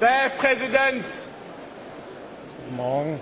Der Präsident! Morgen.